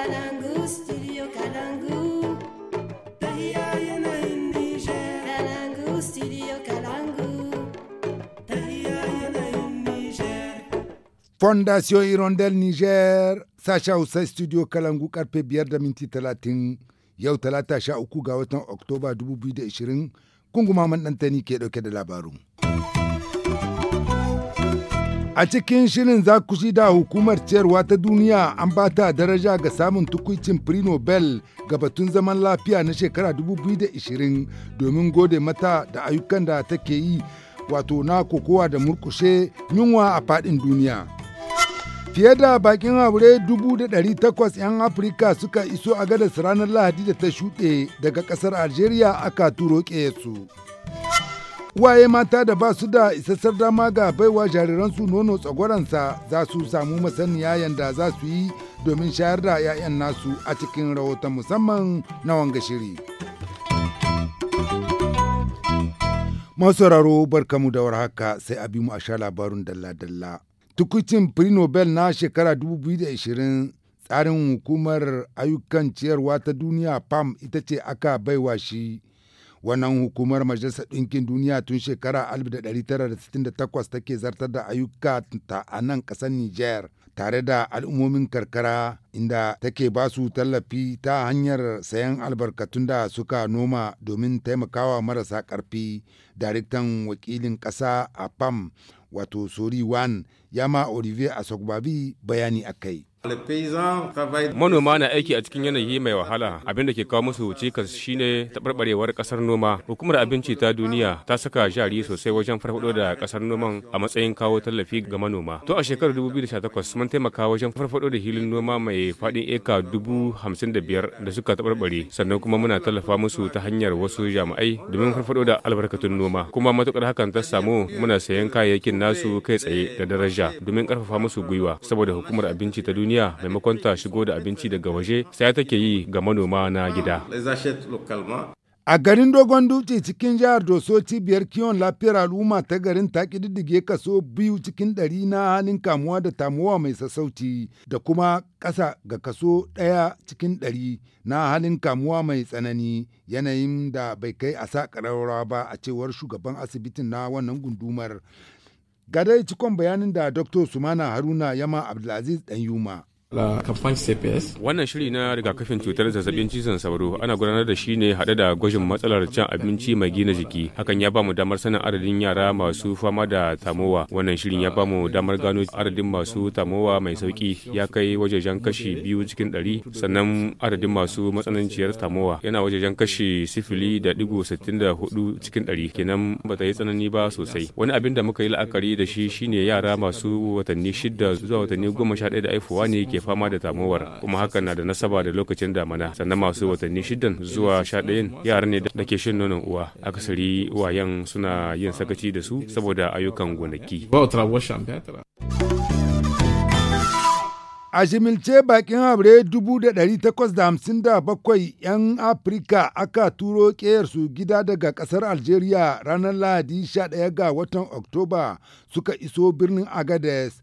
Kalangu, studio Kalangu. yanayin Kalangu, Fondation Irondel Niger, Sacha Hausa Studio Kalangu karfe biyar da minti talatin yau talata sha uku ga watan Oktoba 2020 kungumaman ɗantani ke ɗauke da labarun. A cikin shirin za ku shi da hukumar ciyarwa ta duniya an ba ta daraja ga samun tukuicin Prix Nobel ga batun zaman lafiya na shekara 2020 domin gode mata da ayyukan da take yi wato na kokowa da murkushe yunwa a fadin duniya. Fiye da bakin haure 800,000 'yan Afirka suka iso a gadas ranar Lahadi da ta shuɗe daga ƙasar Algeria aka turo su. Waye mata da ba su da isassar dama ga baiwa jariransu nono tsagwaransa za su samu masaniya yadda za su yi domin shayar da 'ya'yan nasu a cikin rahoton musamman na wanga shiri. Masauraro barkamu da warhaka sai a bi mu a sha labarun dalla-dalla. Tukucin Prix Nobel na shekara 2020 tsarin hukumar ayyukan ciyarwa ta duniya PAM ita ce aka baiwa shi Wannan hukumar Majalisar Ɗinkin Duniya tun shekara 1968 take zartar da ayyuka ta a nan ƙasar Nijar tare da al'ummomin karkara inda take ba su tallafi ta hanyar sayan albarkatun da suka noma domin taimakawa marasa ƙarfi. Daraktan wakilin ƙasa a PAM wato Sori Wan Yama Olivier Asogbabi bayani akai. Manoma na aiki a cikin yanayi mai wahala abinda ke kawo musu cikas shine taɓarɓarewar ƙasar noma. Hukumar abinci ta duniya ta saka jari sosai wajen farfaɗo da ƙasar noman a matsayin kawo tallafi ga manoma. To a shekarar 2018 mun taimaka wajen farfaɗo da hilin noma mai faɗin eka dubu hamsin da biyar da suka taɓarɓare sannan kuma muna tallafa musu ta hanyar wasu jami'ai domin farfaɗo da albarkatun noma. Kuma matuƙar hakan ta samu muna sayan kayayyakin nasu kai tsaye da daraja domin ƙarfafa musu gwiwa saboda hukumar abinci ta duniya duniya maimakon ta shigo da abinci daga waje sai take yi ga manoma na gida. A garin Dogon Dutse cikin jihar Doso cibiyar kiwon lafiyar al'umma ta garin ta ƙididdige kaso biyu cikin ɗari na halin kamuwa da tamuwa mai sassauci da kuma ƙasa ga kaso ɗaya cikin ɗari na halin kamuwa mai tsanani yanayin da bai kai a sa ƙararrawa ba a cewar shugaban asibitin na wannan gundumar Ga dai cikon bayanin da Dr. Sumana Haruna Yama Abdulaziz yuma. Wannan shiri na rigakafin cutar zazzabin cizon sauro ana gudanar da shi ne hade da gwajin matsalar cin abinci mai gina jiki. Hakan ya bamu damar sanin adadin yara masu fama da tamowa. Wannan shirin ya bamu damar gano adadin masu tamowa mai sauki ya kai wajejen kashi biyu cikin ɗari sannan adadin masu matsananciyar tamowa yana wajejen kashi sifili da digo sittin da hudu cikin ɗari kenan ba ta yi tsanani ba sosai. Wani abin da muka yi la'akari da shi shine yara masu watanni shida zuwa watanni goma sha ɗaya da aifuwa ne ke fama da tamowar kuma hakan na da nasaba da lokacin damana sannan masu watanni shidan zuwa sha ɗayan yara ne da ke shan nonon uwa akasari uwayen suna yin sakaci da su saboda ayyukan gonaki. A shimilce bakin habre 1857 'yan Afirka aka turo su gida daga kasar Algeria ranar Lahadi 11 ga watan Oktoba suka iso birnin Agades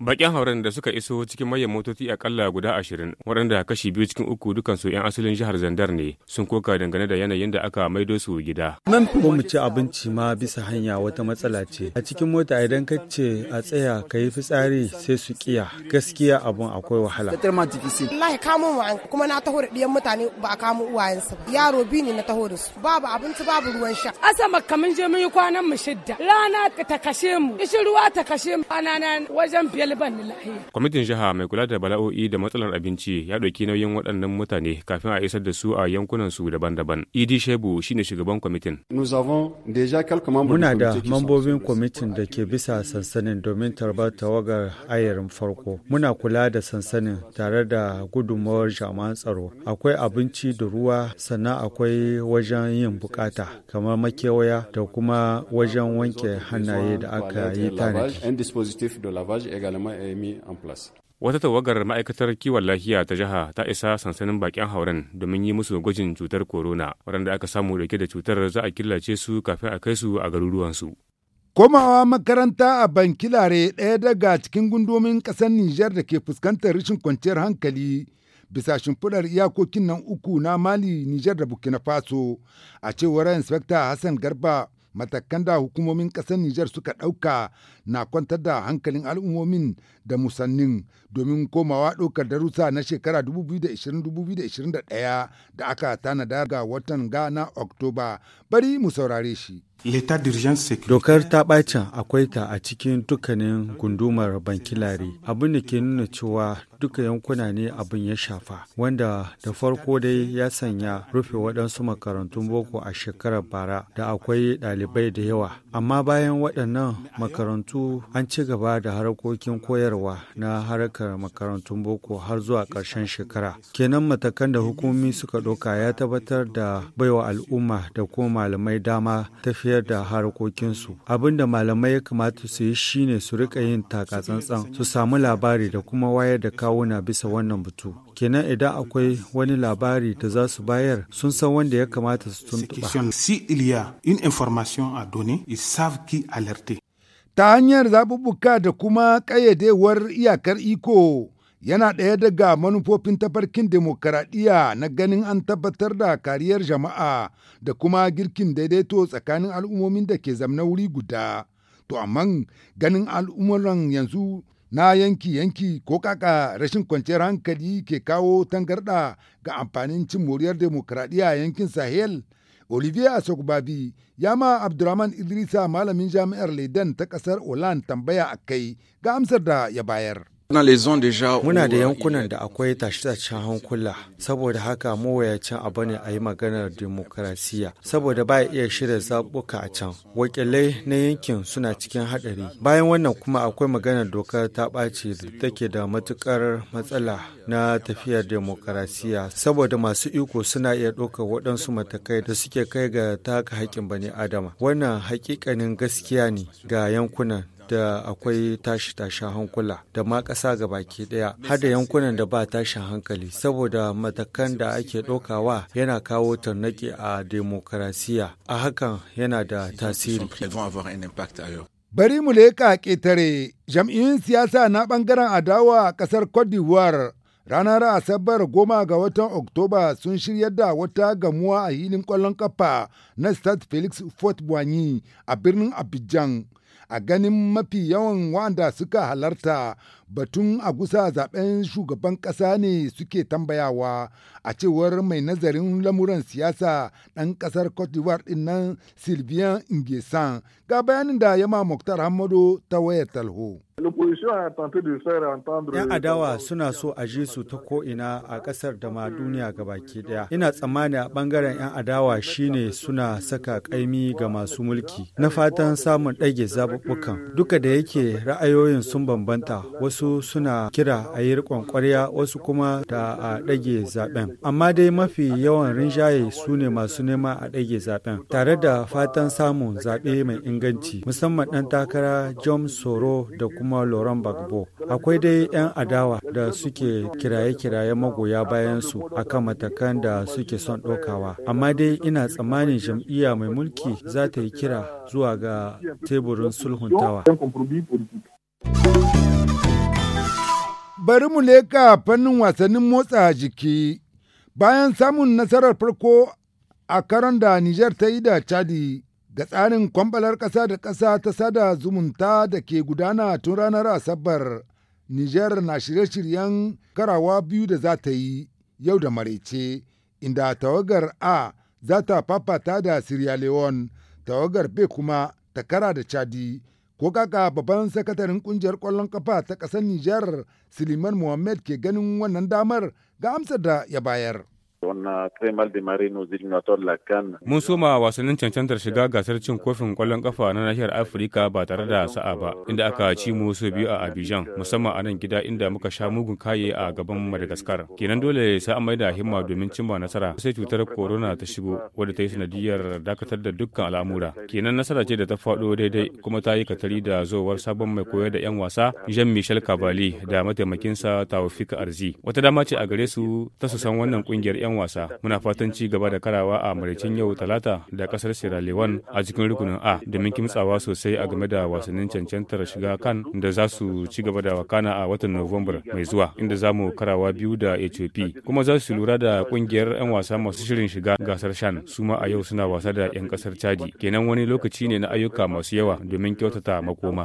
Bakin hauren da suka iso cikin maye motoci akalla guda ashirin waɗanda kashi biyu cikin uku dukansu 'yan asalin jihar Zandar ne sun koka dangane da yanayin da aka maido su gida. Nan ko mu ci abinci ma bisa hanya wata matsala ce. A cikin mota idan ka ce a tsaya ka yi fitsari sai su kiya gaskiya abun akwai wahala. Wallahi kamo mu an kuma na taho da ɗiyan mutane ba a kamo uwayensu ba. Yaro bi ne na taho da su. Babu abinci babu ruwan sha. Asama kamin je mun yi kwanan mu shidda. Rana ta kashe mu. Ishi ruwa ta kashe mu. Ana wajen biyar hali Kwamitin jiha mai kula da bala'o'i da matsalar abinci ya ɗauki nauyin waɗannan mutane kafin a isar da su a yankunan su daban-daban. Idi Shebu shine shugaban kwamitin. Muna da mambobin kwamitin da ke bisa sansanin domin tarbar tawagar ayarin farko. Muna kula da sansanin tare da gudunmawar jami'an tsaro. Akwai abinci da ruwa sannan akwai wajen yin bukata kamar makewaya da kuma wajen wanke hannaye da aka yi tanadi. gouvernement en plus. Wata tawagar ma'aikatar kiwon lafiya ta jiha ta isa sansanin bakin hauren domin yi musu gwajin cutar corona waɗanda aka samu dauke da cutar za a killace su kafin a kai su a garuruwansu. Komawa makaranta a Bankilare ɗaya daga cikin gundomin ƙasar Nijar da ke fuskantar rashin kwanciyar hankali bisa shimfidar iyakokin nan uku na Mali, Nijar da Burkina Faso a cewar Inspector Hassan Garba matakan da hukumomin ƙasar Nijar suka ɗauka na kwantar da hankalin al'ummomin da musannin domin komawa ɗaukar darussa na shekara 2020-2021 da aka tanada ga watan gana Oktoba. Bari mu saurare shi. Dokar ta ɓacin akwai ta a cikin dukkanin gundumar bankilari abin da ke nuna cewa duka yankuna ne abin ya shafa wanda da farko dai ya sanya rufe waɗansu makarantun boko a shekarar bara da akwai ɗalibai da yawa amma bayan waɗannan makarantu an ci gaba da harkokin koyarwa na harkar makarantun boko har zuwa ƙarshen shekara kenan matakan da hukumomi suka ɗauka ya tabbatar da baiwa al'umma da kuma malamai dama tafiyar da harkokinsu abin da malamai ya kamata su yi shine su rika yin takatsantsan su samu labari da kuma wayar da kawo kawuna bisa wannan batu kenan idan akwai wani labari da za su bayar sun san wanda ya kamata su tuntuɓa ta hanyar zaɓuɓɓuka da kuma ƙayyadewar iyakar iko yana ɗaya daga manufofin tafarkin demokaradiyya na ganin an tabbatar da kariyar jama'a da kuma girkin daidaito tsakanin al'ummomin da ke zamna wuri guda to amman ganin al'umuran yanzu na yanki-yanki ko kaka rashin kwanciyar hankali ke kawo tangarɗa ga amfanin cin moriyar demokradiyya yankin sahel olivier asokubabi ya ma abdurrahman idrisa malamin jami'ar leiden ta ƙasar olan tambaya a kai ga amsar da ya bayar Muna da yankunan da akwai tashe-tashen hankula, saboda haka mawayacin abu ne a yi maganar demokrasiya, saboda ba iya shirya zaɓuka a can. Wakilai na yankin suna cikin haɗari. Bayan wannan kuma akwai maganar dokar ta ɓaci da take da matuƙar matsala na tafiyar demokrasiya, saboda masu iko suna iya ɗaukar waɗansu matakai da suke kai ga taka haƙƙin bani adama. Wannan haƙiƙanin gaskiya ne ga yankunan da akwai tashi tashen hankula da ma ƙasa baki ɗaya har da yankunan da ba tashin hankali saboda matakan da ake ɗaukawa yana kawo tarnaƙi a demokarasiya a hakan yana da tasiri. Bari mu leƙa ƙetare jam'iyyun siyasa na ɓangaren adawa a ƙasar Cote d'Ivoire ranar Asabar goma ga watan Oktoba sun shiryar da wata gamuwa a hilin kwallon ƙafa na Stade Felix Fort Boigny a birnin Abidjan. A ganin mafi yawan wanda suka halarta batun a gusa zaben shugaban ƙasa ne suke tambayawa a cewar mai nazarin lamuran siyasa ɗan ƙasar Cote d'Ivoire ɗin nan Sylvain Ingesan ga bayanin da yama Muktar Hamadu ta wayar talho. Yan adawa suna so a ji su ta ko'ina a ƙasar da ma duniya baki ɗaya. Ina tsammani a ɓangaren 'yan adawa shine suna saka ƙaimi ga masu mulki. Na fatan samun ɗage zaɓuɓɓukan. Duka da yake ra'ayoyin sun bambanta, wasu suna kira a yi riƙon wasu kuma da a ɗage zaɓen. Amma dai mafi yawan rinjaye su ne masu nema a ɗage zaɓen, tare da fatan samun zaɓe mai inganci, musamman ɗan takara John Soro da kuma lauren bagbo. Akwai dai 'yan adawa da suke kiraye-kiraye magoya bayan su akan matakan da suke son ɗaukawa. Amma dai ina tsammanin jam'iyya mai mulki za ta yi kira zuwa ga teburin don sulhuntawa. Bari mu leka fannin wasannin motsa jiki. Bayan samun nasarar farko a karon da Nijar ta yi da Chadi ga tsarin kwambalar ƙasa da ƙasa ta sada zumunta da ke gudana tun ranar Asabar, Nijar na shirye-shiryen karawa biyu da za ta yi yau da maraice inda tawagar A za ta fafata da Sierra Leone, tawagar B kuma ta kara da Chadi. Ko kaka babban sakataren kungiyar kwallon kafa ta ƙasar Nijar Suleiman Mohammed ke ganin wannan damar ga amsar da ya bayar. Uh, Mun soma wasannin cancantar shiga gasar cin kofin kwallon kafa na nahiyar Afirka ba tare da sa'a ba, inda aka ci mu su biyu a Abidjan, musamman a nan gida inda muka sha mugun kaye a gaban Madagascar. Kenan dole sai an maida himma domin cimma nasara, sai cutar corona ta shigo wadda ta yi sanadiyar dakatar da dukkan al'amura. Kenan nasara ce da ta faɗo daidai kuma ta yi katari da zowar sabon mai koyar da 'yan wasa Jean-Michel kabali da mataimakinsa Taufik Arzi. Wata dama ce a gare su ta su san wannan kungiyar 'yan 'yan wasa. Muna fatan ci gaba da karawa a maraicin yau Talata da kasar Sierra Leone a cikin rukunin A domin kimtsawa sosai a game da wasannin cancantar shiga kan da za su ci gaba da wakana a watan november mai zuwa inda za mu karawa biyu da Ethiopia. Kuma za su lura da kungiyar 'yan wasa masu shirin shiga gasar Shan su ma a yau suna wasa da 'yan kasar Chadi. Kenan wani lokaci ne na ayyuka masu yawa domin kyautata makoma.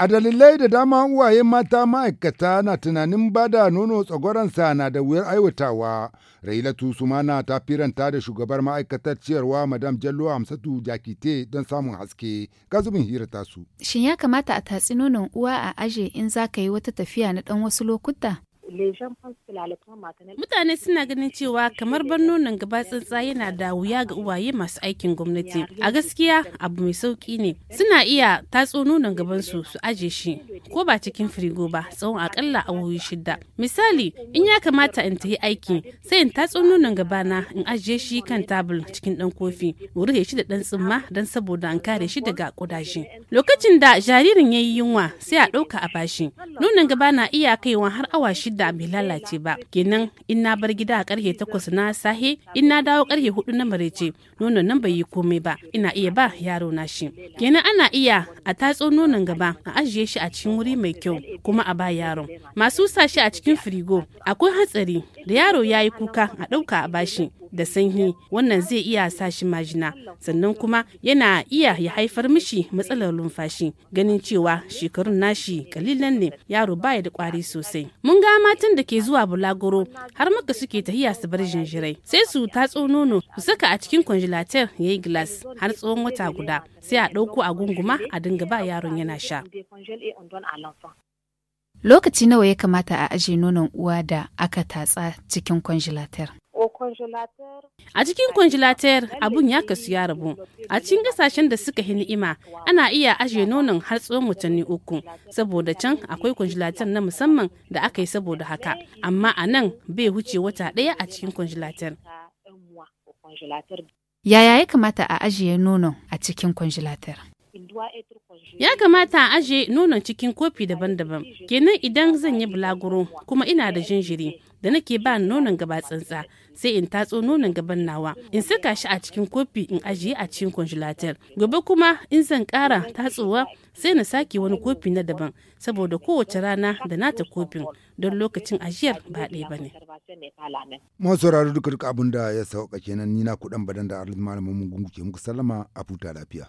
A dalilai da dama uwaye mata ma'aikata na tunanin bada nono tsagoransa na da wuyar aiwatawa. Railatu Sumana ta firanta da shugabar ma'aikatar ciyarwa Madam Jallo Hamsatu Jakite don samun haske. Gazumin hira su. Shin ya kamata a tatsi nonon uwa a aje in za ka yi wata tafiya na ɗan wasu lokuta? Mutane suna ganin cewa kamar barno nan gaba tsantsa yana da wuya ga uwaye masu aikin gwamnati. A gaskiya abu mai sauki ne. Suna iya tatso nonon gabansu su aje shi ko ba cikin firigo ba tsawon akalla awowi shida. Misali in ya kamata in tafi aiki sai in tatso nonon na in ajiye shi kan tabul cikin dan kofi rufe shi da dan tsumma dan saboda an kare shi daga kudaje. Lokacin da jaririn ya yi yunwa sai a ɗauka a bashi. Nonon gaba na iya kaiwa har awa shida yadda bai lalace ba kenan in na bar gida a karfe takwas na sahe in na dawo karfe hudu na marece nonon nan bai yi komai ba ina iya ba yaro na shi kenan ana iya a tatso nonon gaba a ajiye shi a cikin wuri mai kyau kuma a ba yaron masu sa shi a cikin firigo akwai hatsari da yaro ya yi kuka a dauka a bashi da sanyi wannan zai iya sa shi majina sannan kuma yana iya ya haifar mishi matsalar numfashi ganin cewa shekarun nashi kalilan ne yaro baya da kwari sosai mun ga matan da ke zuwa bulagoro har maka suke tahiya su bar jinjirai sai su tatso nono su saka a cikin congelator ya yi glass har tsawon wata guda sai a ɗauko a gunguma a dinga ba yaron yana sha Lokaci nawa ya kamata a ajiye nonon uwa da aka tatsa cikin kwanjilatar? A cikin kwanjilatar abun ya kasu ya rabu. A cikin kasashen da suka yi ni'ima ana iya ajiye nonon har tsawon watanni uku saboda can akwai kwanjilatar na musamman da aka yi saboda haka. Amma a nan bai wuce wata ɗaya a cikin kwanjilatar. Yaya ya kamata a ajiye nonon a cikin kwanjilatar? Ya kamata a aje nonon cikin kofi daban-daban. Kenan idan zan yi bulaguro kuma ina da jinjiri da nake ba nonon gaba tsantsa sai in tatso nonon gaban nawa in saka shi a cikin kofi in ajiye a cikin congelator. Gobe kuma in zan kara tatsowa sai na sake wani kofi na daban saboda kowace rana da nata kofin don lokacin ajiyar ba ɗaya ba ne. Mun sauraro duka duka abin da ya sauka kenan ni na kuɗan badan da arzikin malamin mun gungu ke muku sallama a futa lafiya.